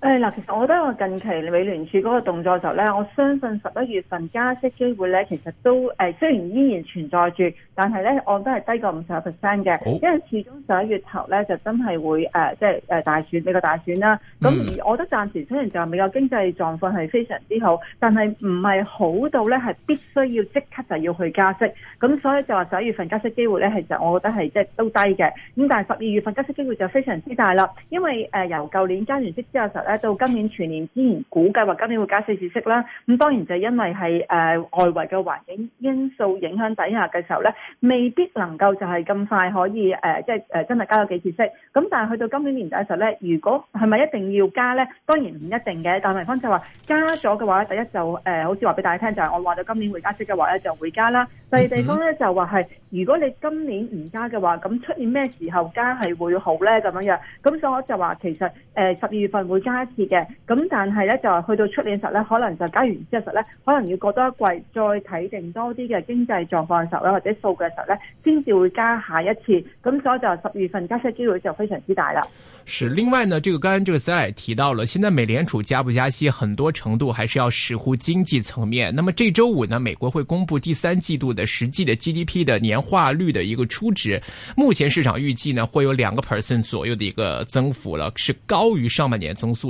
誒嗱，其實我覺得話近期美聯儲嗰個動作就咧，我相信十一月份加息機會咧，其實都誒雖然依然存在住，但係咧，我覺得係低過五十個 percent 嘅，好因為始終十一月頭咧就真係會誒、呃、即係誒、呃、大選，美國大選啦。咁、嗯、而我覺得暫時雖然就係美國經濟狀況係非常之好，但係唔係好到咧係必須要即刻就要去加息。咁所以就話十一月份加息機會咧，其實我覺得係即係都低嘅。咁但係十二月份加息機會就非常之大啦，因為誒、呃、由舊年加完息之後到今年全年之前估計，話今年會加四次息啦。咁當然就係因為係誒、呃、外圍嘅環境因素影響底下嘅時候咧，未必能夠就係咁快可以誒、呃，即係誒真係加咗幾次息。咁但係去到今年年底嘅時候咧，如果係咪一定要加咧？當然唔一定嘅。但係地方就話加咗嘅話，第一就誒、呃，好似話俾大家聽，就係、是、我話到今年會加息嘅話咧，就會加啦。嗯、哼第二地方咧就話係，如果你今年唔加嘅話，咁出年咩時候加係會好咧？咁樣樣咁，所以我就話其實誒十二月份會加。一次嘅，咁但係咧就係去到出年時候咧，可能就加完之後實咧，可能要過多一季再睇定多啲嘅經濟狀況時候咧，或者數據時候咧，先至會加下一次。咁所以就十月份加息機會就非常之大啦。是，另外呢，剛剛這個剛才這個 Sir 也提到了，現在美聯儲加不加息，很多程度還是要視乎經濟層面。那麼這週五呢，美國會公布第三季度的實際的 GDP 的年化率的一個初值，目前市場預計呢會有兩個 percent 左右的一個增幅了，是高於上半年增速。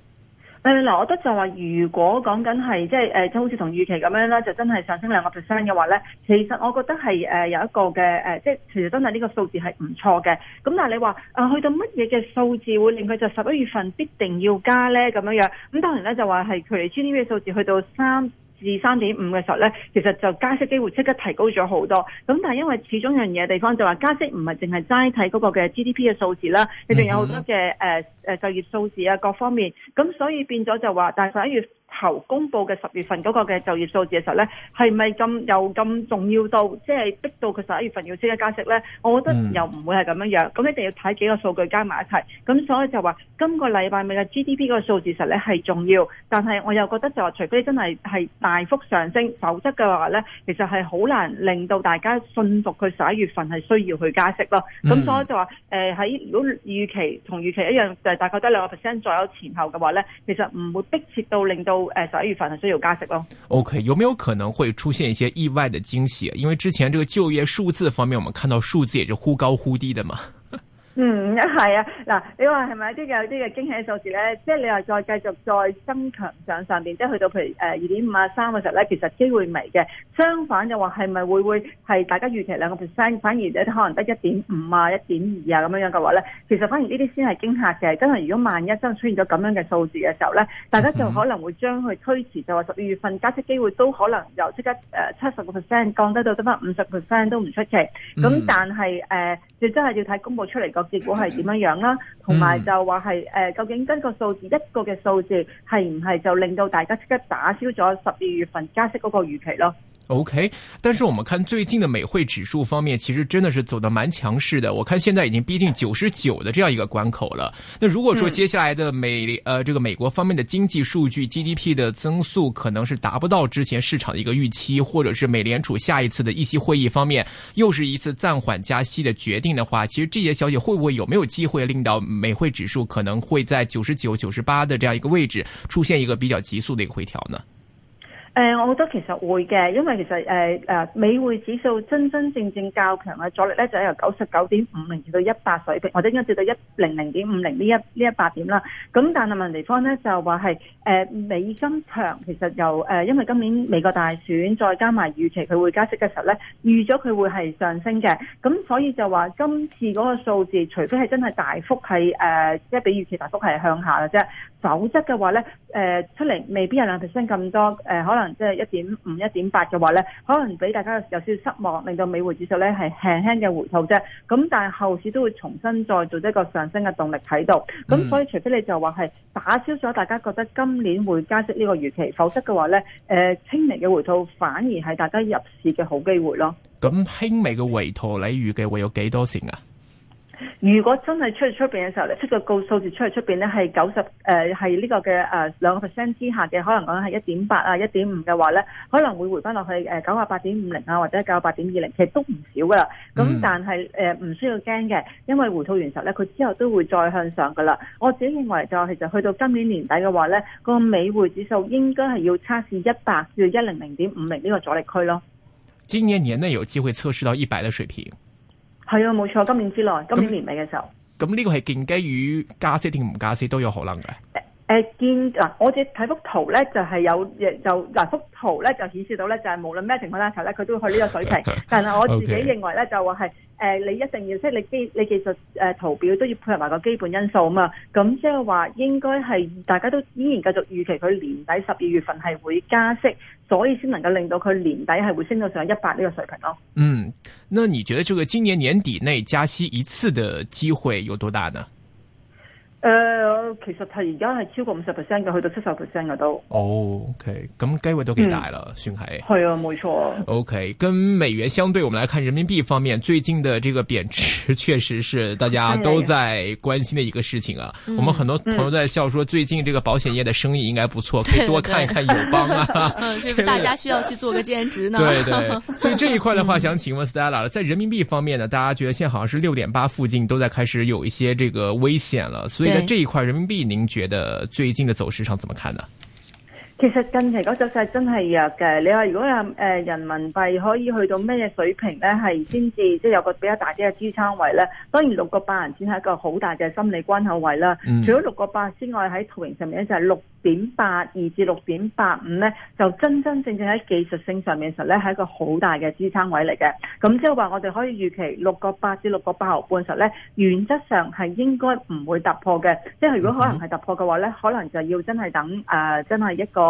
誒嗱、嗯，我覺得就話如果講緊係即係誒，即、就是、好似同預期咁樣啦，就真係上升兩個 percent 嘅話咧，其實我覺得係誒有一個嘅即係其實真係呢個數字係唔錯嘅。咁但係你話、啊、去到乜嘢嘅數字會令佢就十一月份必定要加咧咁樣樣？咁當然咧就話係距離 GDP 數字去到三至三點五嘅時候咧，其實就加息機會即刻提高咗好多。咁但係因為始終樣嘢嘅地方就話加息唔係淨係齋睇嗰個嘅 GDP 嘅數字啦，你仲有好多嘅誒誒就業數字啊，各方面。咁所以變咗就話，但係十一月。頭公佈嘅十月份嗰個嘅就業數字嘅時候咧，係咪咁又咁重要到，即係逼到佢十一月份要即刻加息咧？我覺得又唔會係咁樣樣。咁、嗯、一定要睇幾個數據加埋一齊。咁所以就話今個禮拜尾嘅 GDP 個數字實咧係重要，但係我又覺得就話除非真係係大幅上升，否則嘅話咧，其實係好難令到大家信服佢十一月份係需要去加息咯。咁、嗯、所以就話誒喺如果預期同預期一樣，就係大概得兩個 percent 左右前後嘅話咧，其實唔會逼切到令到。誒，十一月份係需要加息咯。OK，有沒有可能會出現一些意外的驚喜？因為之前這個就業數字方面，我們看到數字也是忽高忽低的嘛。嗯，係啊，嗱，你話係咪啲有啲嘅驚喜數字咧？即係你話再繼續再增強上上邊，即係去到譬如誒二點五啊三嘅時候咧，其實機會微嘅。相反就話係咪會會係大家預期兩個 percent，反而可能得一點五啊一點二啊咁樣樣嘅話咧，其實反而呢啲先係驚嚇嘅。真係如果萬一真係出現咗咁樣嘅數字嘅時候咧，大家就可能會將佢推遲，就話十二月份加息機會都可能由即刻誒七十個 percent 降低到得返五十 percent 都唔出奇。咁、嗯、但係誒，呃、就真要真係要睇公佈出嚟個。結果係點樣樣啦？同埋就話係誒，究竟跟個數字一個嘅數字係唔係就令到大家即刻打消咗十二月份加息嗰個預期咯？OK，但是我們看最近的美匯指數方面，其實真的是走得蠻強勢的。我看現在已經逼近九十九的這樣一個關口了。那如果說接下來的美，呃，這個美國方面的經濟數據 GDP 的增速可能是達不到之前市場的一個預期，或者是美聯儲下一次的議息會議方面又是一次暫緩加息的決定的話，其實這些消息會不會有沒有機會令到美匯指數可能會在九十九、九十八的這樣一個位置出現一個比較急速的一個回調呢？誒、呃，我覺得其實會嘅，因為其實誒誒、呃，美匯指數真真正正較強嘅阻力咧就係由九十九點五零至到一百水平，或者應該至到一零零點五零呢一呢一百點啦。咁但係問題方咧就話係誒美金強，其實由誒、呃、因為今年美國大選，再加埋預期佢會加息嘅時候咧，預咗佢會係上升嘅。咁所以就話今次嗰個數字，除非係真係大幅係誒即係比預期大幅係向下嘅啫，否則嘅話咧誒、呃、出嚟未必有兩 percent 咁多誒、呃、可能。可能即係一點五、一點八嘅話呢，可能俾大家有少少失望，令到美匯指數呢係輕輕嘅回吐啫。咁但係後市都會重新再做一個上升嘅動力喺度。咁所以除非你就話係打消咗大家覺得今年會加息呢個預期，否則嘅話呢，誒輕微嘅回吐反而係大家入市嘅好機會咯。咁、嗯、輕微嘅回吐，你預計會有幾多成啊？如果真係出去出邊嘅時候，出個高數字出去出邊咧，係九十誒，係呢個嘅誒兩個 percent 之下嘅，可能講係一點八啊、一點五嘅話咧，可能會回翻落去誒九啊八點五零啊，或者九啊八點二零，其實都唔少噶啦。咁但係誒唔需要驚嘅，因為回吐完實咧，佢之後都會再向上噶啦。我自己認為就是、其實去到今年年底嘅話咧，個美匯指數應該係要測試一百至一零零點五零呢個阻力區咯。今年年內有機會測試到一百嘅水平。係啊，冇錯。今年之內，今年年尾嘅時候。咁呢個係建基於加息定唔加息都有可能嘅。誒，見嗱，我只睇幅圖咧，就係有亦就嗱幅圖咧，就顯示到咧，就係無論咩情況底下咧，佢都去呢個水平。但係我自己認為咧，就話係誒，你一定要即係你基你技術誒圖表都要配合埋個基本因素啊嘛。咁即係話應該係大家都依然繼續預期佢年底十二月份係會加息，所以先能夠令到佢年底係會升到上一百呢個水平咯。嗯，那你覺得這個今年年底內加息一次的機會有多大呢？呃，其實它而家係超過五十 percent 嘅，去到七十 percent 嘅都。Oh, OK，咁機會都幾大啦，算係。係啊，冇錯。OK，跟美元相對，我們來看人民幣方面，最近的這個貶值，確實是大家都在關心的一個事情啊。嗯、我們很多朋友在笑說，最近這個保險業的生意應該不錯，嗯、可以多看一看友邦啊。嗯對， 是不是？大家需要去做個兼職呢？對對，所以這一塊的話， 想請問 Stella 在人民幣方面呢，大家覺得現在好像是六點八附近，都在開始有一些這個危險了，所以。那這一塊人民幣您覺得最近的走勢上怎麼看呢？其實近期的走隻勢真係弱嘅，你話如果有誒人民幣可以去到咩水平呢係先至即係有個比較大啲嘅支撐位咧。當然六個八人仔係一個好大嘅心理關口位啦。嗯、除咗六個八之外，喺圖形上面就係六。點八二至六點八五咧，就真真正正喺技術性上面實咧，係一個好大嘅支撐位嚟嘅。咁即係話，我哋可以預期六個八至六個八毫半實咧，原則上係應該唔會突破嘅。即係如果可能係突破嘅話咧，可能就要真係等誒，真係一個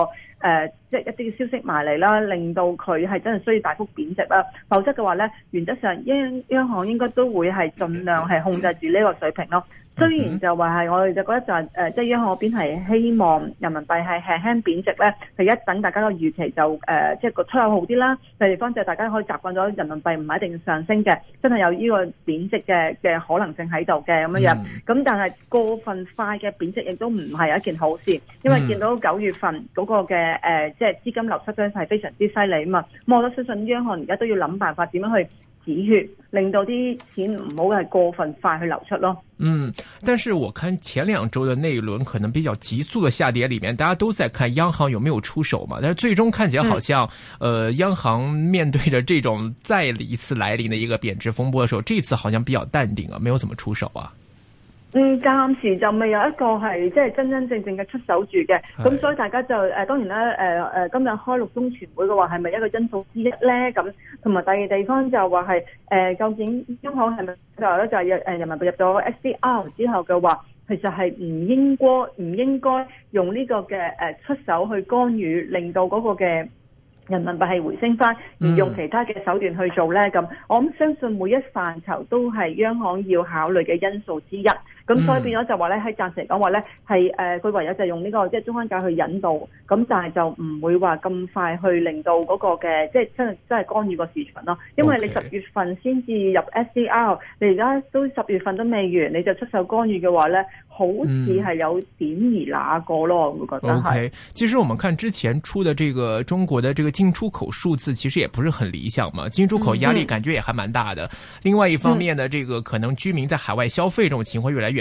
誒，即係一啲嘅消息埋嚟啦，令到佢係真係需要大幅貶值啦。否則嘅話咧，原則上央央行應該都會係盡量係控制住呢個水平咯。雖然就話係我哋就覺得就係、是呃、即係央行嗰邊係希望人民幣係輕輕貶值咧，第一等大家個預期就誒、呃，即係個出口好啲啦。第二方就係大家可以習慣咗人民幣唔係一定上升嘅，真係有呢個貶值嘅嘅可能性喺度嘅咁樣樣。咁但係過分快嘅貶值亦都唔係一件好事，因為見到九月份嗰個嘅誒、呃，即係資金流失咧係非常之犀利啊嘛。咁、嗯、我都相信央行而家都要諗辦法點樣去止血，令到啲錢唔好係過分快去流出咯。嗯，但是我看前兩周的那一輪可能比較急速的下跌裡面，大家都在看央行有沒有出手嘛。但是最終看起來好像，嗯、呃，央行面對着這種再一次來臨的一個貶值風波的時候，這次好像比較淡定啊，沒有怎麼出手啊。嗯，暫時就未有一個係即係真真正正嘅出手住嘅，咁的所以大家就誒當然啦。誒誒今日開六中全會嘅話，係咪一個因素之一咧？咁同埋第二地方就話係誒究竟央行係咪就咧就係人誒人民幣入咗 SDR 之後嘅話，其實係唔應該唔應該用呢個嘅誒出手去干預，令到嗰個嘅人民幣係回升翻，而用其他嘅手段去做咧？咁、嗯、我諗相信每一範疇都係央行要考慮嘅因素之一。咁、嗯、所以變咗就話咧，喺暫時嚟講話咧，係誒佢唯有就用呢、這個即係中間價去引導，咁但係就唔會話咁快去令到嗰個嘅即係真係真係干預個市場咯。因為你十月份先至入 SCR Okay, 你而家都十月份都未完，你就出手干預嘅話咧，好似係有點兒那個咯，嗯、我覺得。O、okay, K，其實我們看之前出的這個中國的這個進出口數字，其實也不是很理想嘛，進出口壓力感覺也還蠻大的。嗯、另外一方面呢，這個可能居民在海外消費這種情況越來越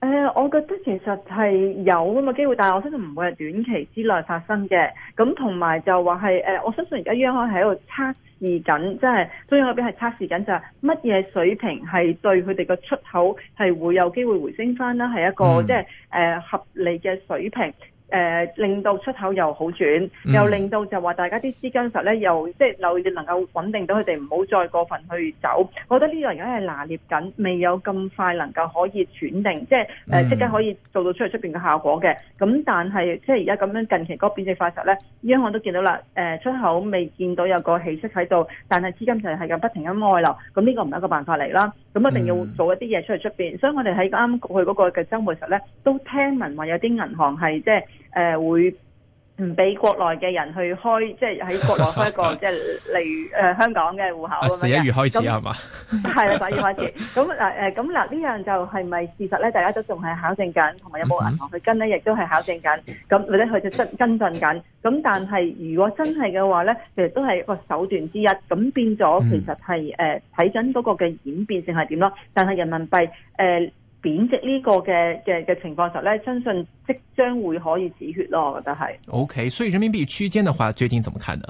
誒、呃，我覺得其實係有咁嘅機會，但係我相信唔會係短期之內發生嘅。咁同埋就話係，誒、呃，我相信而家央行喺度測試緊，即係中央嗰邊係測試緊、就是，就係乜嘢水平係對佢哋嘅出口係會有機會回升翻啦，係一個、嗯、即係誒、呃、合理嘅水平。誒、呃、令到出口又好轉，又令到就話大家啲資金實咧，又即係能能夠穩定到佢哋唔好再過分去走。我覺得呢樣嘢係拿捏緊，未有咁快能夠可以轉定，即係即、呃、刻可以做到出嚟出面嘅效果嘅。咁但係即係而家咁樣近期嗰個變質化呢，咧，央行都見到啦、呃。出口未見到有個氣息喺度，但係資金就係咁不停咁外流。咁呢個唔係一個辦法嚟啦。咁一定要做一啲嘢出嚟出面。嗯、所以我哋喺啱去嗰個嘅周末實咧，都聽聞話有啲銀行係即係。誒、呃，會唔俾國內嘅人去開，即係喺國內開一個，即係例如誒香港嘅戶、 呃、口。 啊，十一月開始係嘛？係啦，十一月開始。咁嗱， 誒，咁嗱呢樣就係咪事實咧？大家都仲係考證緊，同埋有冇銀行去跟咧， 亦都係考證緊。咁或者佢就跟跟進緊。咁但係如果真係嘅話咧，其實都係一個手段之一。咁變咗，其實係誒睇緊嗰個嘅演變性係點咯。但係人民幣誒。呃貶值呢個嘅嘅嘅情況時候咧，相信即將會可以止血咯，我覺得係。Okay，所以人民幣區間嘅話，最近怎麼看呢？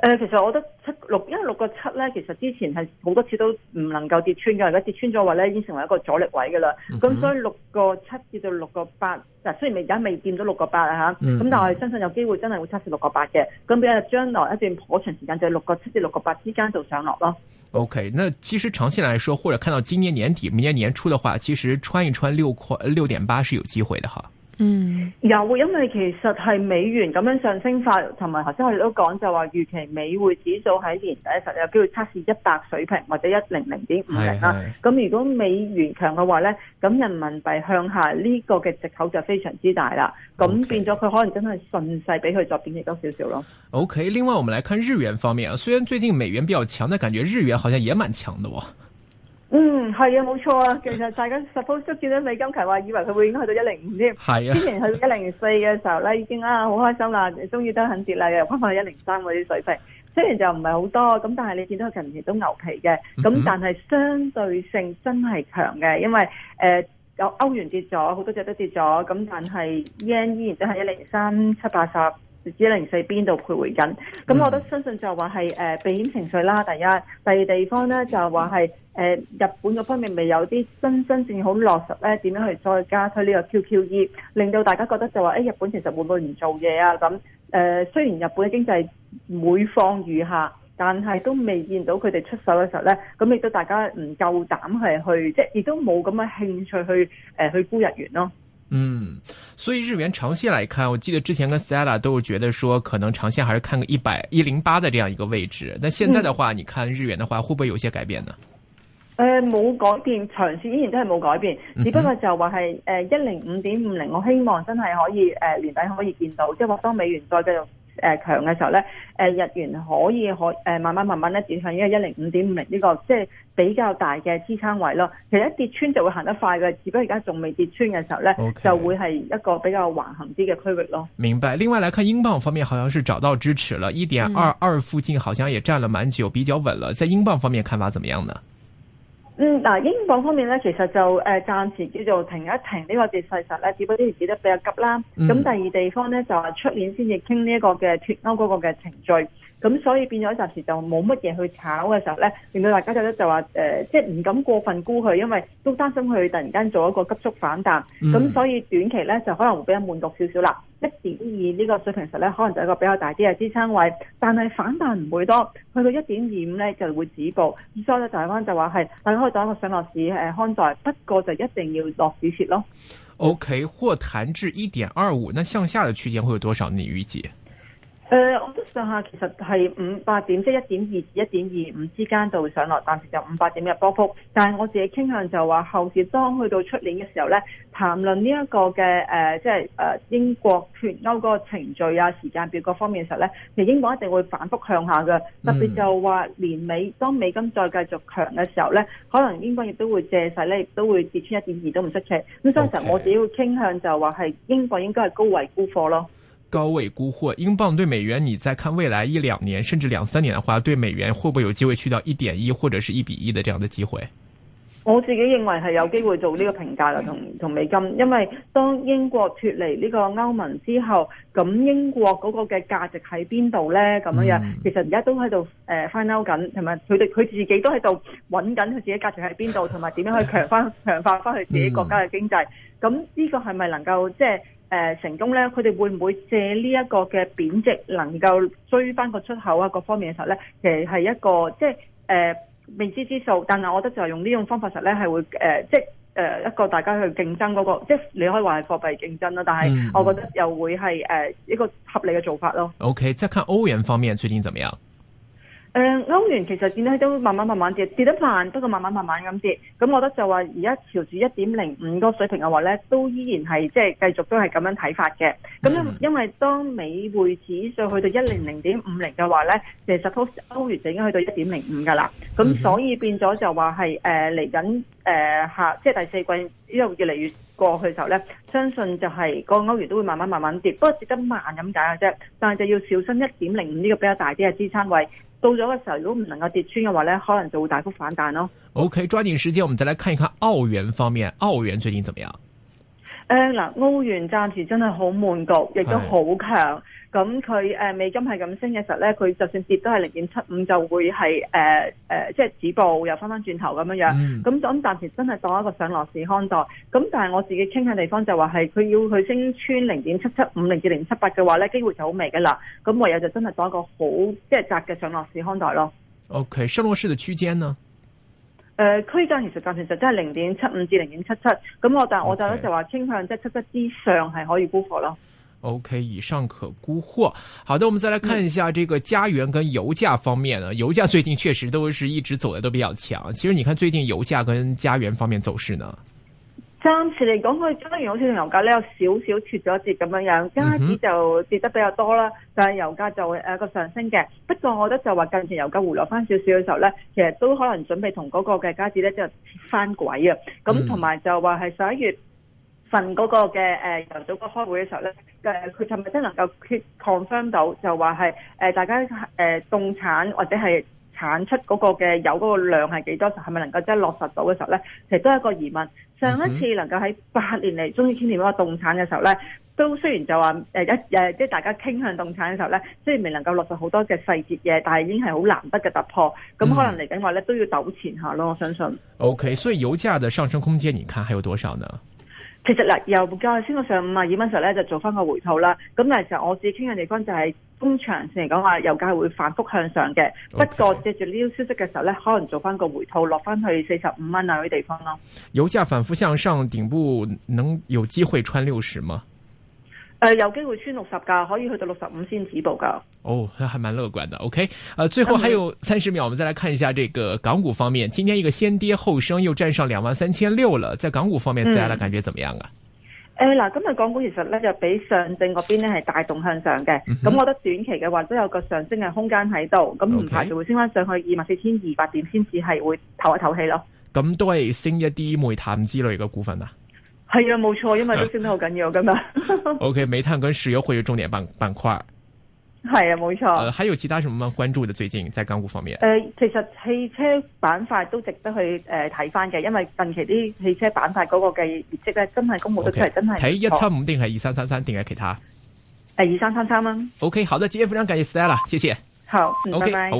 誒、呃，其實我覺得七六因為六個七咧，其實之前係好多次都唔能夠跌穿嘅，而家跌穿咗話咧，已經成為一個阻力位噶啦。咁、嗯、哼所以六個七至到六個八，嗱雖然而家未見到六個八啊吓，咁但係相信有機會真係會測試六個八嘅。咁比較將來一段好長時間就係六個七至六個八之間做上落咯。OK，那其實長期來說，或者看到今年年底、明年年初的話，其實穿一穿六塊六點八是有機會的哈。嗯，有，因為其實係美元咁樣上升法，同埋頭先我哋都講就話預期美匯指數喺年底實有機會測試一百水平或者一零零點五零啦。咁如果美元強嘅話咧，咁人民幣向下呢個嘅借口就非常之大啦。咁 Okay, 變咗佢可能真係順勢俾佢再貶值多少少咯。OK，另外我們來看日元方面，雖然最近美元比較強，但感覺日元好像也蠻強嘅哇、哦。嗯，係啊，冇錯啊。其實大家 suppose 見到美金，佢話以為佢會應該去到一零五添。係啊，之前去到一零四嘅時候咧，已經啊好開心啦，終於都肯跌啦，又翻返去一零三嗰啲水平，雖然就唔係好多，咁但係你見到佢近期都牛皮嘅，咁、嗯、哼但係相對性真係強嘅，因為誒、呃、有歐元跌咗，好多隻都跌咗，咁但係 yen 依然都係一零三七八十。只零四邊度徘徊緊，咁我都相信就話係誒避險情緒啦。第一，第二地方咧就話係誒日本嗰方面未有啲真真正好落實咧，點樣去再加推呢個 QQE，令到大家覺得就話誒、欸、日本其實會唔會唔做嘢啊咁。誒、呃、雖然日本嘅經濟每況愈下，但係都未見到佢哋出手嘅時候咧，咁亦都大家唔夠膽係去，即係亦都冇咁嘅興趣去誒、呃、去沽日元咯。嗯，所以日元長線來看，我記得之前跟 Stella 都覺得說，可能長線還是看個一百一零八的這樣一個位置。但現在的話，嗯、你看日元的話，會不會有些改變呢？誒、呃，冇改變，長線依然都係冇改變，只不過就話係誒一零五點五零，呃、50，我希望真係可以誒、呃、年底可以見到，即係當美元再繼續。誒強嘅時候咧，誒、呃、日元可以可誒、呃、慢慢慢慢咧轉向一個一零五點五零呢個、這個、即係比較大嘅支撐位咯。其實一跌穿就會行得快嘅，只不過而家仲未跌穿嘅時候咧，Okay. 就會係一個比較橫行啲嘅區域咯。明白。另外嚟看英鎊方面，好像是找到支持了一點二二附近，好像也站了蠻久，比較穩了。在英鎊方面，看法怎麼樣呢？嗯，嗱、啊，英國方面咧，其實就誒、呃、暫時叫做停一停、這個、事呢個跌勢實咧，只不過而家指得比較急啦。咁、嗯、第二地方咧，就係出年先至傾呢一個嘅脫歐嗰個嘅程序。咁所以變咗暫時就冇乜嘢去炒嘅時候咧，令到大家覺得就話、呃、即係唔敢過分沽佢，因為都擔心佢突然間做一個急速反彈。咁、嗯、所以短期咧就可能會比較滿足少少啦。一點二呢個水平實咧，可能就係一個比較大啲嘅支撐位，但係反彈唔會多。去到一點二五咧就會止步。咁所以咧就係就話係大家可以當一個上落市誒、呃、看待，不過就一定要落止蝕咯。O K，或彈至一點二五，那向下的區間會有多少？你預計？誒、呃，我都上下其實係五百點，即係一點二至一點二五之間就上落，暫時就五百點嘅波幅。但係我自己傾向就話，後市當去到出年嘅時候咧，談論呢一個嘅誒，即係誒英國脱歐嗰個程序啊、時間表各方面嘅時候咧，其實英國一定會反覆向下嘅。特別就話年尾，嗯、當美金再繼續強嘅時候咧，可能英國亦都會借勢咧，亦都會跌穿都出一點二都唔出奇。咁 Okay. 所以其實我自己會傾向就話係英國應該係高位沽貨咯。高位沽貨，英鎊對美元，你再看未來一兩年甚至兩三年的話，對美元會不會有機會去到一點一或者是一比一的這樣的機會？我自己認為係有機會做呢個評價啦，同同美金，因為當英國脫離呢個歐盟之後，咁英國嗰個嘅價值喺邊度咧？咁樣樣，嗯、其實而家都喺度誒翻撈緊，同埋佢哋佢自己都喺度揾緊佢自己價值喺邊度，同埋點樣可以強翻、哎、呀強化翻佢自己國家嘅經濟？咁呢、嗯、個係咪能夠即係？誒、呃，成功咧？佢哋會唔會借呢一個嘅貶值，能夠追翻個出口啊，各方面嘅時候咧，其實係一個即係誒、呃、未知之數。但係我覺得就係用呢種方法實咧係會誒、呃，即係誒一個大家去競爭嗰、那個，即係你可以話係貨幣競爭啦。但係我覺得又會係誒、呃、一個合理嘅做法咯。OK，再看歐元方面最近怎麼樣？誒、呃、歐元其實見到喺慢慢慢慢跌，跌得慢，不過慢慢慢慢咁跌。咁我覺得就話而家朝住一點零五個水平嘅話咧，都依然係即係繼續都係咁樣睇法嘅。咁因因為當美匯指數去到一零零點五零嘅話咧，其實 suppose 歐元就已經去到一點零五噶啦。咁所以變咗就話係誒嚟緊誒下、呃，即係第四季呢度越嚟越過去的時候咧，相信就係個歐元都會慢慢慢慢跌，不過跌得慢咁解嘅啫。但係就要小心一點零五呢個比較大啲嘅支撐位。到咗嘅時候，如果唔能夠跌穿嘅話咧，可能就會大幅反彈咯。OK，抓緊時間，我們再來看一看澳元方面，澳元最近怎麼樣？誒、呃，嗱，澳元暫時真係好滿局，亦都好強。咁佢誒美金係咁升嘅時候咧，佢就算跌都係零點七五就會係誒誒，即、呃、係、呃就是、止步又翻翻轉頭咁樣樣。咁咁暫時真係當一個上落市看待。咁但係我自己傾向地方就話係佢要去升穿零點七七五零至零七八嘅話咧，機會就好微㗎喇。咁唯有就真係當一個好即係窄嘅上落市看待咯。O K. 上落市嘅區間呢？誒、呃、區間其實暫時就真係零點七五至零點七七。咁我但係我就有時話傾向即係七七之上係可以沽貨咯。O、okay, K，以上可沽貨。好的，我們再來看一下這個加元跟油價方面，啊。呢、嗯，油價最近確實都是一直走得都比較強。其實，你看最近油價跟加元方面走勢呢，暫時嚟講，佢加元好似同油價呢，有少少脫咗節，咁樣樣，加子就跌得比較多啦，但係油價就誒個、呃、上升嘅。不過我覺得就話近期油價回落翻少少嘅時候呢，其實都可能準備同嗰個嘅加子呢就係翻軌啊。咁同埋就話係十一月份嗰個嘅誒油組個開會嘅時候呢。誒佢係咪真能夠 confirm 到就話係誒大家誒、呃、凍產或者係產出嗰個嘅油嗰個量係幾多？就係咪能夠即係落實到嘅時候咧？其實都係一個疑問。上一次能夠喺八年嚟終於傾掂嗰個凍產嘅時候咧，都雖然就話誒一誒，即係大家傾向凍產嘅時候咧，雖然未能夠落實好多嘅細節嘅，但係已經係好難得嘅突破。咁、嗯、可能嚟緊話咧都要糾纏下咯。我相信。OK，所以油價嘅上升空間，你看還有多少呢？其實嗱，油價升到上五十二蚊時候咧，就做翻個回吐啦。咁嗱，其實我自己傾嘅地方就係中長線嚟講，話油價會反覆向上嘅。Okay. 不過借住呢啲消息嘅時候咧，可能做翻個回吐，落翻去四十五蚊啊啲地方咯。油價反覆向上，頂部能有機會穿六十嗎？誒、呃，有機會穿六十噶，可以去到六十五先止步噶。哦，那還蠻樂觀的。OK，誒、呃，最後還有三十秒，嗯、我們再來看一下這個港股方面。今天一個先跌後升，又站上兩萬三千六了。在港股方面，大家、嗯、感覺怎麼樣啊？誒、嗯，嗱、呃，今日港股其實咧就比上證嗰邊咧係大動向上嘅。咁、嗯、哼我覺得短期嘅話都有個上升嘅空間喺度。咁唔排除會升返上去二萬四千二百點先至係會唞一唞氣咯。咁都係升一啲煤炭之類嘅股份啊。係啊，冇錯， 因為都升得好緊要噶嘛。O K，煤炭跟石油會有重點板板塊。係啊，冇錯。呃，還有其他什麼關注嘅？最近在港股方面？誒、呃，其實汽車板塊都值得去誒睇翻嘅，因為近期啲汽車板塊嗰個嘅業績咧，真係公布得出嚟。真係、okay。啊。睇一七五定係二三三三定係其他？係二三三三啦。O K，好的，今日非常感謝 Stella 啦，謝謝。好，O K。拜拜 okay，好